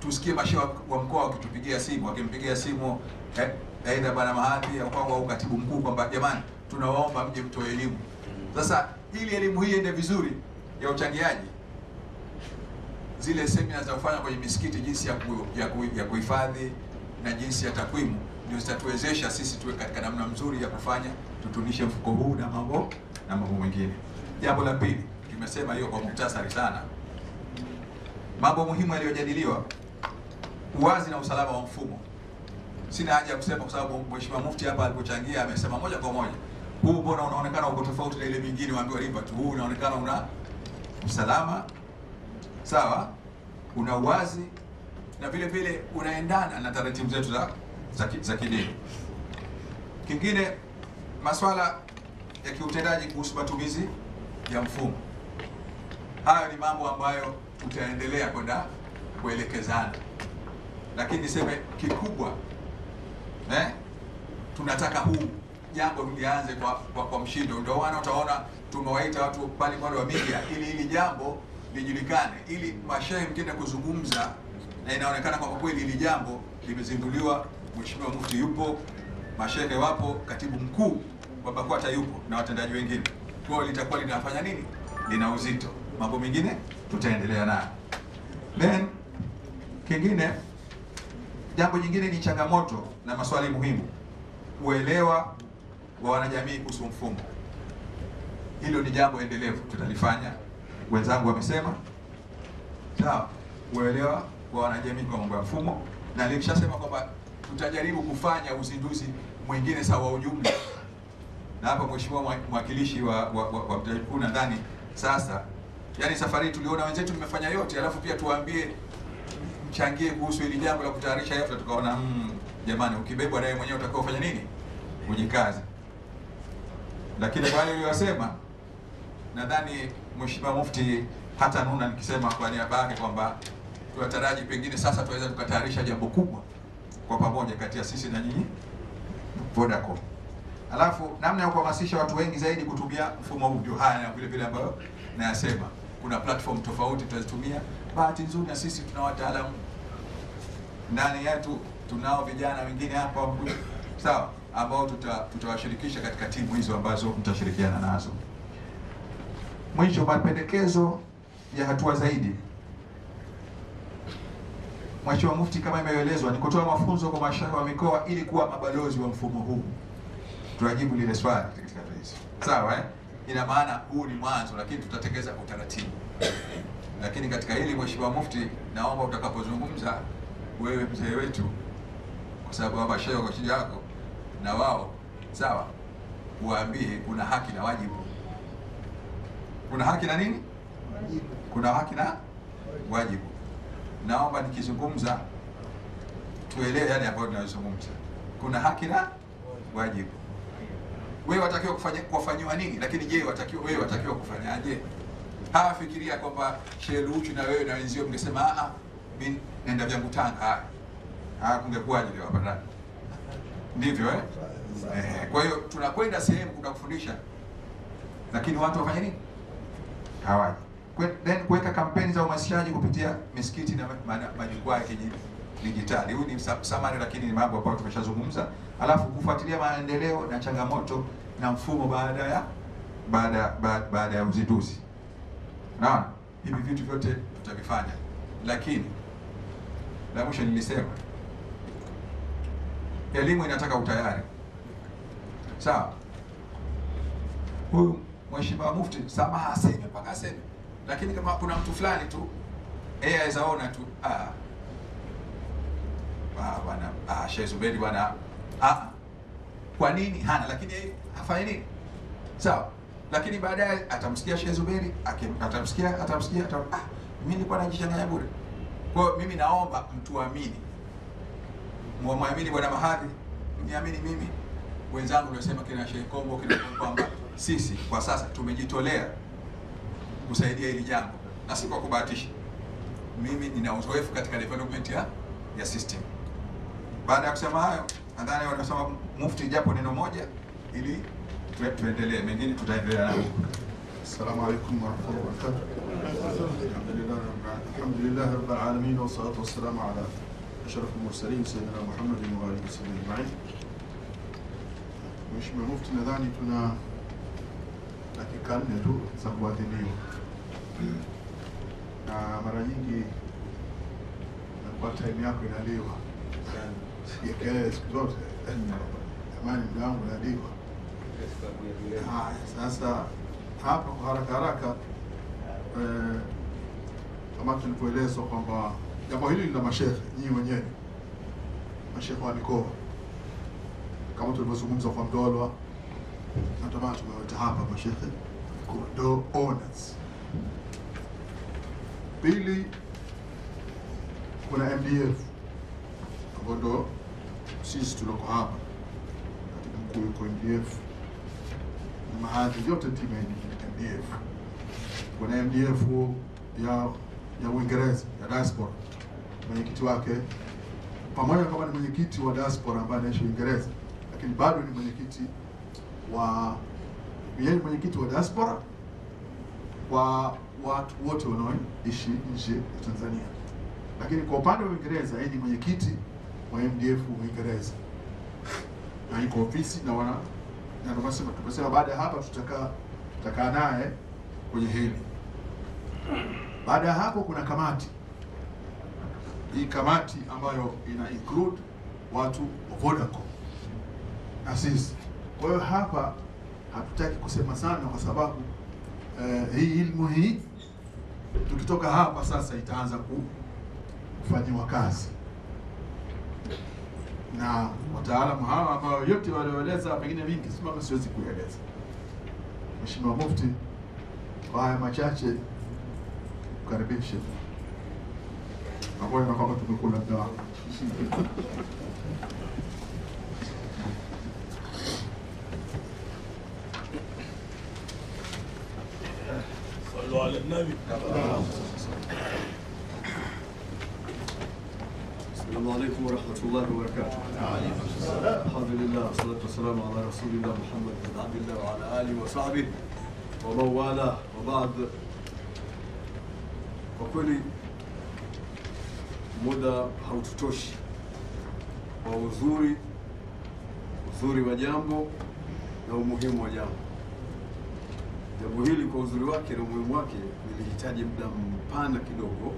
tusikie masheha wa mkoa wakitupigia simu, wakimpigia simu eh, aidha bwana Mahathi au au katibu mkuu kwamba jamani, tunawaomba mje mtoe elimu. Mm-hmm. Sasa ili elimu hii iende vizuri ya uchangiaji, zile semina za kufanya kwenye misikiti, jinsi ya ku, ya, ku, ya kuhifadhi na jinsi ya takwimu, ndio zitatuwezesha sisi tuwe katika namna mzuri ya kufanya tutunishe mfuko huu na mambo na mambo mengine. Jambo la pili, tumesema hiyo kwa muhtasari sana, mambo muhimu yaliyojadiliwa uwazi na usalama wa mfumo. Sina haja ya kusema kwa sababu Mheshimiwa Mufti hapa alipochangia amesema moja kwa moja, huu mbona unaonekana uko tofauti na ile mingine, waambiwa riba tu, huu unaonekana una usalama sawa, una uwazi na vile vile unaendana na taratibu zetu za za, kidini. Kingine, maswala ya kiutendaji kuhusu matumizi ya mfumo. Hayo ni mambo ambayo tutaendelea kwenda kuelekezana lakini niseme kikubwa eh, tunataka huu jambo lianze kwa, kwa, kwa mshindo. Ndio maana utaona tumewaita watu kwa wa media ili hili jambo lijulikane, ili mashehe mkienda kuzungumza na inaonekana kwa kweli hili jambo limezinduliwa. Mheshimiwa Mufti yupo, mashehe wapo, katibu mkuu wa BAKWATA yupo na watendaji wengine, kwa litakuwa linafanya nini, lina uzito. Mambo mengine tutaendelea nayo, then kingine Jambo jingine ni changamoto na maswali muhimu, uelewa wa wanajamii kuhusu mfumo. Hilo ni jambo endelevu, tutalifanya. Wenzangu wamesema sawa, uelewa wa wanajamii kwa mambo ya mfumo, na nilishasema kwamba tutajaribu kufanya uzinduzi mwingine sawa ujumla, na hapa mheshimiwa mwakilishi wa wa, wa, wa mkuu nadhani sasa, yani safari tuliona wenzetu mmefanya yote, alafu pia tuwaambie mchangie kuhusu hili jambo la kutayarisha hafla, tukaona mm, jamani, ukibebwa naye mwenyewe utakuwa ufanya nini? Ujikaze. Lakini wale waliyosema, nadhani Mheshimiwa Mufti hata nuna nikisema kwa niaba yake kwamba tunataraji pengine sasa tunaweza tukatayarisha jambo kubwa kwa pamoja kati ya sisi na nyinyi Vodacom. Alafu namna ya kuhamasisha watu wengi zaidi kutumia mfumo huu ndio haya na vile vile ambayo nayasema, kuna platform tofauti tutazitumia. Bahati nzuri na sisi tuna wataalamu ndani yetu tunao vijana wengine hapa sawa, ambao tuta, tutawashirikisha katika timu hizo ambazo mtashirikiana nazo. Mwisho, mapendekezo ya hatua zaidi, mweshimua Mufti, kama imeelezwa, ni kutoa mafunzo kwa mashauri wa mikoa ili kuwa mabalozi wa mfumo huu. Tunajibu lile swali katika hizo, sawa eh? Ina maana huu ni mwanzo, lakini tutatekeleza utaratibu. Lakini katika hili Mheshimiwa Mufti, naomba utakapozungumza wewe mzee wetu, kwa sababu hapa shehe kwa shida yako na wao sawa, waambie kuna haki na wajibu. Kuna haki na nini? Kuna haki na wajibu. Naomba nikizungumza tuelewe yale ambayo tunayozungumza. Kuna haki na wajibu. Wewe watakiwa kufanya nini? Lakini je, watakiwa wewe watakiwa kufanyaje? hawafikiria kwamba shehe Luchu na wewe na wenzio mngesema mimi nenda vyangu Tanga. Haya. Ah, ah kungekuwa leo hapa ndani? Ndivyo eh? Eh, kwa hiyo tunakwenda sehemu kutakufundisha Lakini watu wafanye nini? Hawaji. Then kuweka kampeni za uhamasishaji kupitia misikiti na majukwaa ya kidijitali. Huyu ni samani lakini ni mambo ambayo tumeshazungumza. Alafu kufuatilia maendeleo na changamoto na mfumo baada ya baada baada ya uzinduzi. Naona hivi vitu vyote tutavifanya. Lakini la mwisho nilisema elimu inataka utayari. Sawa, huyu mheshimiwa mufti, samaha aseme mpaka aseme, lakini kama kuna mtu fulani tu yeye aweza ona tu ah, ah, bwana ah, Sheikh bwana ah, kwa nini hana, lakini yeye nini? Sawa, lakini baadaye atamsikia Sheikh Zuberi atamsikia atamsikia atam, ah, mimi nilikuwa najichanganya bure. Kwa hiyo mimi naomba mtuamini, mwamwamini Bwana Mahadhi, mniamini mimi, wenzangu waliosema kina Sheikh Kombo kina kwamba sisi kwa sasa tumejitolea kusaidia hili jambo na si kwa kubahatisha. Mimi nina uzoefu katika development ya, ya system. Baada ya kusema hayo, nadhani wanasema mufti japo neno moja ili tuendelee, mengine tutaendelea nao. Assalamu alaykum wa barakatuh. الحمد لله رب العالمين والصلاه والسلام على اشرف المرسلين سيدنا محمد وعلى اله وصحبه اجمعين. مش مفت نداني تنا لكن كان ندو صحبات اليوم. na mara nyingi nakuwa time yako inaliwa ya kelele siku zote jamani mdangu inaliwa sasa hapa kwa haraka haraka eh, kama tulivyoelezwa kwamba jambo hili lina mashehe, nyinyi wenyewe mashehe wa mikoa kama tulivyozungumza kwa Mdolwa, natamana tumewaleta hapa mashehe ndo owners. Pili, kuna MDF ambao ndo sisi tulioko hapa, katika mkuu yuko MDF na mahadhi yote timu ya MDF. Kuna MDF ya ya Uingereza ya diaspora, mwenyekiti wake, pamoja kama ni mwenyekiti wa diaspora ambaye anaishi Uingereza, lakini bado ni mwenyekiti wa yeye ni mwenyekiti wa diaspora kwa watu wote wanaoishi nje ya Tanzania, lakini kwa upande wa Uingereza yeye ni mwenyekiti wa MDF Uingereza na iko ofisi na wana na ndio tumesema baada ya hapa tutakaa tutakaa naye kwenye hili baada ya hapo, kuna kamati. Hii kamati ambayo ina include watu wa Vodacom na sisi. Kwa hiyo hapa hatutaki kusema sana, kwa sababu eh, hii ilmu hii tukitoka hapa sasa itaanza kufanyiwa kazi na wataalamu hawa ambao yote walioeleza pengine vingi simama, siwezi kueleza Mheshimiwa Mufti, kwa haya machache وكاريبيا الشتاء أبويا غلط بكل الدعاء صلوا على النبي السلام عليكم ورحمة الله وبركاته. وعليكم السلام. الحمد لله والصلاة والسلام على رسول الله محمد بن عبد الله وعلى آله وصحبه ومن والاه وبعد Kwa kweli muda haututoshi kwa uzuri uzuri wa jambo na umuhimu wa jambo. Jambo hili kwa uzuri wake na umuhimu wake lilihitaji muda mpana kidogo,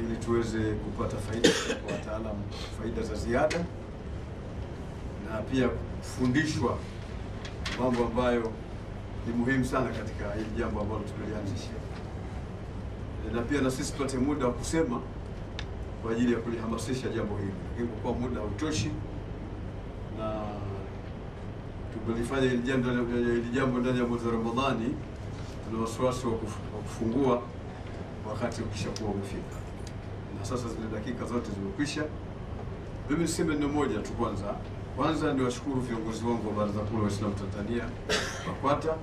ili tuweze kupata faida kwa wataalamu, faida za ziada na pia kufundishwa mambo ambayo ni muhimu sana katika hili jambo ambalo tumelianzisha. Eh, na pia na sisi tupate muda wa kusema kwa ajili ya kulihamasisha jambo hili, lakini kwa kuwa muda hautoshi na tumelifanya hili jambo ndani ya mwezi wa Ramadhani, tuna wasiwasi wa kufungua wakati ukishakuwa umefika, na sasa zile dakika zote zimekwisha. Mimi niseme neno moja tu. Kwanza kwanza ni washukuru viongozi wangu wa Baraza Kuu la Waislamu Tanzania BAKWATA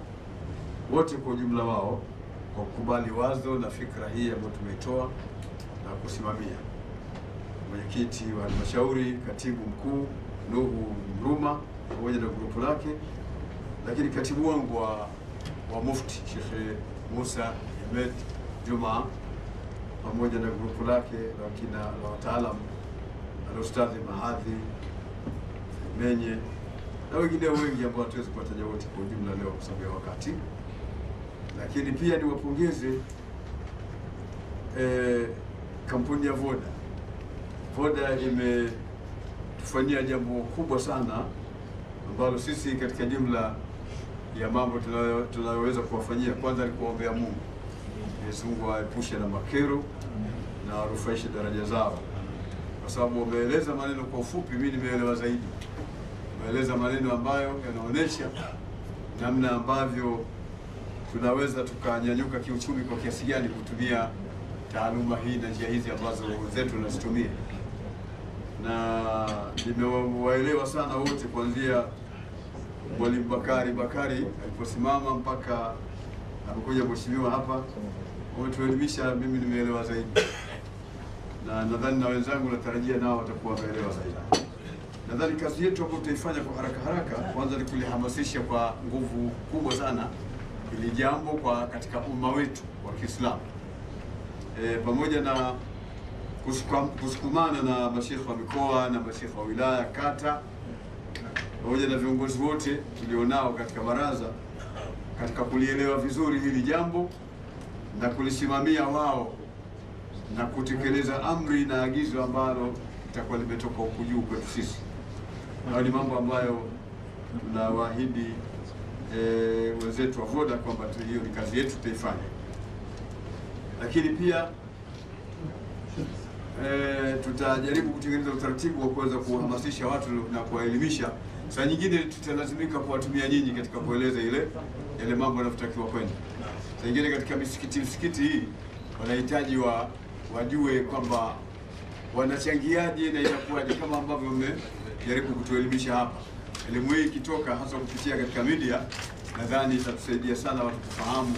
wote kwa ujumla wao kwa kukubali wazo na fikra hii ambayo tumeitoa na kusimamia. Mwenyekiti wa halmashauri, katibu mkuu Nuhu Mruma pamoja na grupu lake, lakini katibu wangu wa, wa Mufti Sheikh Musa Ahmed Juma pamoja na grupu lake la kina la wataalam alustadhi Mahadhi Menye na wengine wengi ambao hatuwezi kuwataja wote kwa ujumla leo kwa sababu ya wakati. Lakini pia niwapongeze eh, kampuni ya Voda. Voda imetufanyia jambo kubwa sana ambalo sisi katika jumla ya mambo tunayoweza kuwafanyia, kwanza ni kuombea Mungu, Mwenyezi Mungu aepushe na makero na warufaishe daraja zao, kwa sababu wameeleza maneno kwa ufupi. Mimi nimeelewa zaidi, wameeleza maneno ambayo yanaonyesha namna ambavyo tunaweza tukanyanyuka kiuchumi kwa kiasi gani kutumia taaluma hii na njia hizi ambazo wenzetu nazitumia na nimewaelewa sana wote kuanzia Mwalimu Bakari Bakari aliposimama mpaka amekuja mheshimiwa hapa, wametuelimisha. Mimi nimeelewa zaidi, na nadhani na wenzangu natarajia nao watakuwa wameelewa zaidi. Nadhani kazi yetu ambayo tutaifanya kwa haraka haraka, kwanza ni kulihamasisha kwa nguvu kubwa sana hili jambo kwa katika umma wetu wa Kiislamu e, pamoja na kusukumana na mashekhe wa mikoa na mashekhe wa wilaya, kata, pamoja na viongozi wote tulionao katika baraza katika kulielewa vizuri hili jambo na kulisimamia wao na kutekeleza amri na agizo ambalo litakuwa limetoka huku juu kwetu sisi. Hayo ni mambo ambayo tunawaahidi Eh, wenzetu wa Voda kwamba hiyo ni kazi yetu, tutaifanya. Lakini pia e, tutajaribu kutengeneza utaratibu wa kuweza kuhamasisha watu na kuwaelimisha. Saa nyingine tutalazimika kuwatumia nyinyi katika kueleza ile yale mambo yanavyotakiwa kwenda. Saa nyingine katika misikiti misikiti hii wanahitaji wa, wajue kwamba wanachangiaje na inakuwaje, kama ambavyo mmejaribu kutuelimisha hapa elimu hii ikitoka hasa kupitia katika media, nadhani itatusaidia sana watu kufahamu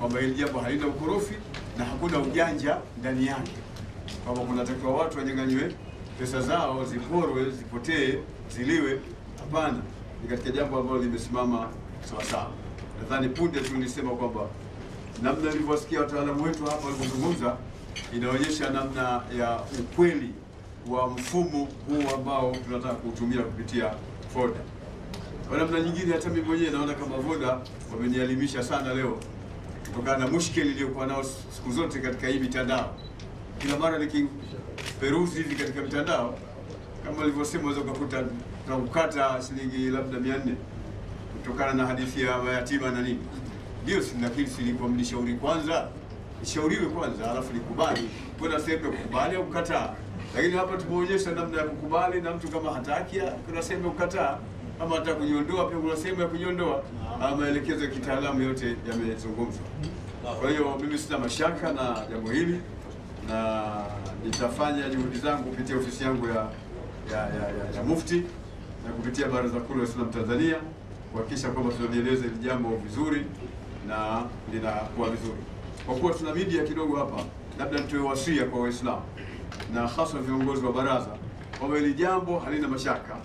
kwamba hili jambo halina ukorofi na hakuna ujanja ndani yake, kwamba kunatakiwa watu wanyang'anywe pesa zao, ziporwe, zipotee, ziliwe. Hapana, ni katika jambo ambalo limesimama sawasawa. Nadhani punde tu nilisema kwamba namna nilivyowasikia wataalamu wetu hapa walivyozungumza inaonyesha namna ya ukweli wa mfumo huu ambao tunataka kuutumia kupitia Voda. Kwa namna nyingine, hata mimi mwenyewe naona kama Voda wamenialimisha sana leo, kutokana na mushkeli iliyokuwa nao siku zote katika hii mitandao. Kila mara nikiperuzi hivi katika mitandao, kama walivyosema, unaweza ukakuta tunakukata shilingi labda mia nne kutokana na hadithi ya mayatima na nini. Ndio sinakili silikuwa mnishauri kwanza nishauriwe kwanza, alafu nikubali kwenda sehemu ya kukubali au kukataa. Lakini hapa tumeonyesha namna ya kukubali, na mtu kama hataki, kuna sehemu ya kukataa, kama hata kujiondoa, pia kuna sehemu ya kujiondoa. Maelekezo ya kitaalamu yote yamezungumzwa. Kwa hiyo mimi sina mashaka na jambo hili na nitafanya juhudi zangu kupitia ofisi yangu ya ya, ya, ya, ya Mufti na kupitia Baraza Kuu la Waislamu Tanzania kuhakikisha kwamba tunalieleza hili jambo vizuri na linakuwa vizuri. Kwa kuwa tuna media kidogo hapa, labda nitoe wasia kwa Waislamu na hasa viongozi wa baraza kwamba hili jambo halina mashaka,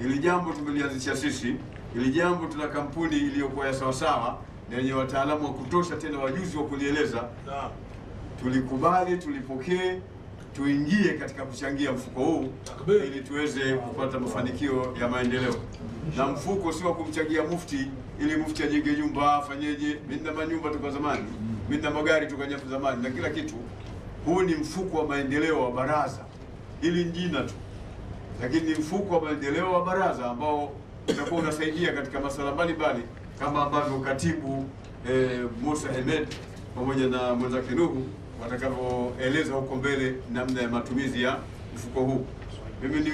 ili jambo tumelianzisha sisi, ili jambo tuna kampuni iliyokuwa ya sawasawa na yenye wataalamu wa kutosha, tena wajuzi wa kulieleza. Tulikubali, tulipokee, tuingie katika kuchangia mfuko huu ili tuweze kupata mafanikio ya maendeleo. Na mfuko si wa kumchangia mufti ili mufti ajenge nyumba afanyeje. Mimi na manyumba toka zamani, mimi na magari toka zamani na kila kitu. Huu ni mfuko wa maendeleo wa baraza, hili ni jina tu, lakini ni mfuko wa maendeleo wa baraza ambao utakuwa unasaidia katika masuala mbalimbali kama ambavyo katibu eh, Musa Hemed pamoja na mwenzake Nuhu watakavyoeleza huko mbele namna ya matumizi ya mfuko huu. Mimi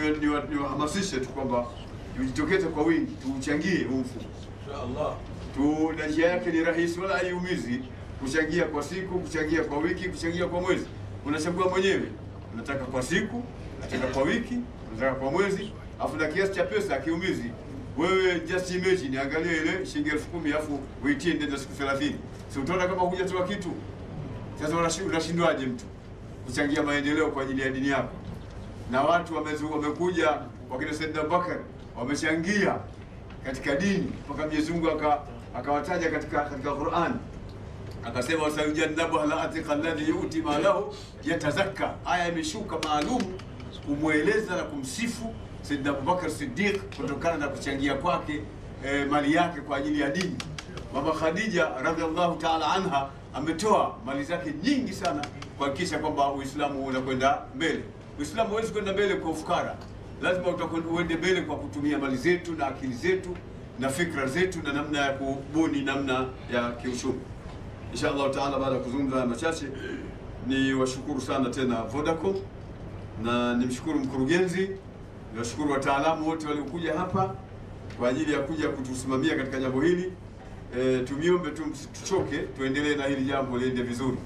niwahamasishe tu kwamba tujitokeze kwa wingi, tuuchangie huu mfuko. Inshallah. Tu na njia yake ni rahisi, wala haiumizi kuchangia kwa siku, kuchangia kwa wiki, kuchangia kwa mwezi. Unachagua mwenyewe, unataka kwa siku, unataka kwa wiki, unataka kwa mwezi, afu na kiasi cha pesa akiumizi wewe just imagine, angalia ile shilingi elfu kumi alafu uitie ndio siku 30. Si utaona kama hujatoa kitu? Sasa unashindwaje mtu kuchangia maendeleo kwa ajili ya dini yako? Na watu wamezu, wamekuja wakina Said Abubakar wamechangia katika dini mpaka Mwenyezi Mungu akawataja katika katika Qur'an akasema wasayujannabu alaatika ladhi yuti malahu yatazakka. Aya imeshuka maalum kumweleza na kumsifu sidna Abubakar sidiq kutokana na kuchangia kwake e, mali yake kwa ajili ya dini. Mama Khadija radhiallahu taala anha ametoa mali zake nyingi sana kuhakikisha kwamba Uislamu unakwenda mbele. Uislamu huwezi kwenda mbele kwa ufukara, lazima uende mbele kwa kutumia mali zetu na akili zetu na fikra zetu na namna ya kubuni namna ya kiuchumi. Insha Allah taala, baada ya kuzungumza machache, ni washukuru sana tena Vodacom na nimshukuru mkurugenzi, niwashukuru wataalamu wote waliokuja hapa kwa ajili ya kuja kutusimamia katika jambo hili. E, tumiombe tu tuchoke, tuendelee na hili jambo liende vizuri,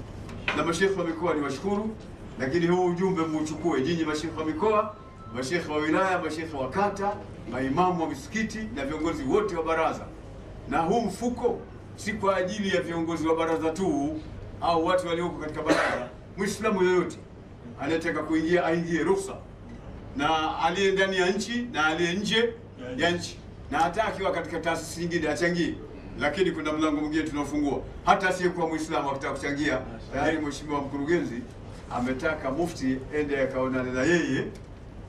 na mashekhe wa mikoa niwashukuru, lakini huu ujumbe muuchukue nyinyi mashekhe wa mikoa, mashekhe wa wilaya, mashekhe wa kata, maimamu wa misikiti na viongozi wote wa baraza, na huu mfuko si kwa ajili ya viongozi wa baraza tu au watu walioko katika baraza. Mwislamu yoyote anayetaka kuingia aingie ruhusa, na aliye ndani ya nchi na aliye nje ya nchi, na hata akiwa katika taasisi nyingine achangie. Lakini kuna mlango mwingine tunaofungua, hata asiyekuwa Mwislamu akitaka kuchangia. Tayari mheshimiwa mkurugenzi ametaka mufti ende akaonane na yeye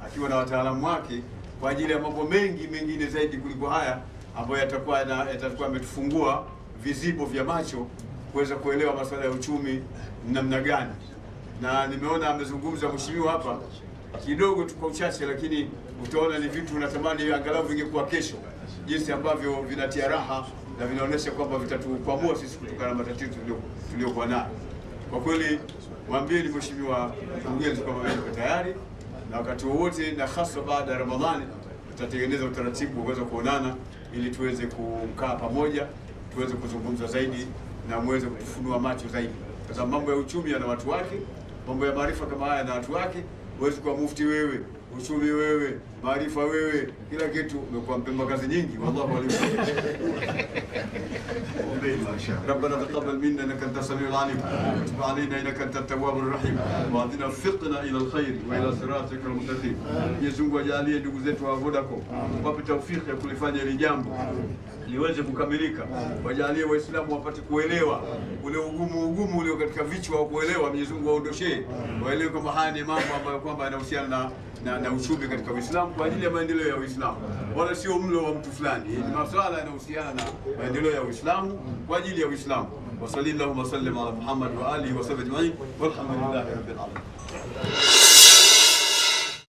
akiwa na wataalamu wake kwa ajili ya mambo mengi mengine zaidi kuliko haya ambayo yatakuwa yatakuwa ametufungua vizibo vya macho kuweza kuelewa masuala ya uchumi namna gani, na nimeona amezungumza mheshimiwa hapa kidogo tu kwa uchache, lakini utaona ni vitu unatamani angalau vingekuwa kesho, jinsi ambavyo vinatia raha na vinaonyesha kwamba vitatukwamua sisi kutokana na matatizo tuliokuwa nayo. Kwa kweli, mwambieni mheshimiwa mkurugenzi kwamba yuko tayari na wakati wowote, na hasa baada ya Ramadhani tutatengeneza utaratibu wa kuweza kuonana ili tuweze kukaa pamoja tuweze kuzungumza zaidi na muweze kutufunua macho zaidi, kwa sababu mambo ya uchumi yana watu wake, mambo ya maarifa kama haya yana watu wake. Huwezi kuwa mufti wewe uchumi wewe, maarifa wewe, kila kitu umekuwa mpemba kazi nyingi, wallahu alim. ربنا تقبل منا انك انت السميع العليم وتب علينا انك انت التواب الرحيم واهدنا فقنا الى الخير والى صراطك المستقيم Mwenyezi Mungu ajalie ndugu zetu wa Vodacom wape taufiki ya kulifanya hili jambo liweze kukamilika, wajalie Waislamu wapate kuelewa ule ugumu ugumu ulio katika vichwa wa kuelewa. Mwenyezi Mungu waondoshee, waelewe kwamba haya ni mambo ambayo kwamba yanahusiana na na, na uchumi katika Uislamu kwa ajili ya maendeleo ya Uislamu, wala sio mlo wa mtu fulani. Ni masuala yanayohusiana na maendeleo ya Uislamu kwa ajili ya Uislamu. Wasalli llahumma sallim ala Muhammad wa alihi wasabi ajmain walhamdulillahi rabbil alamin.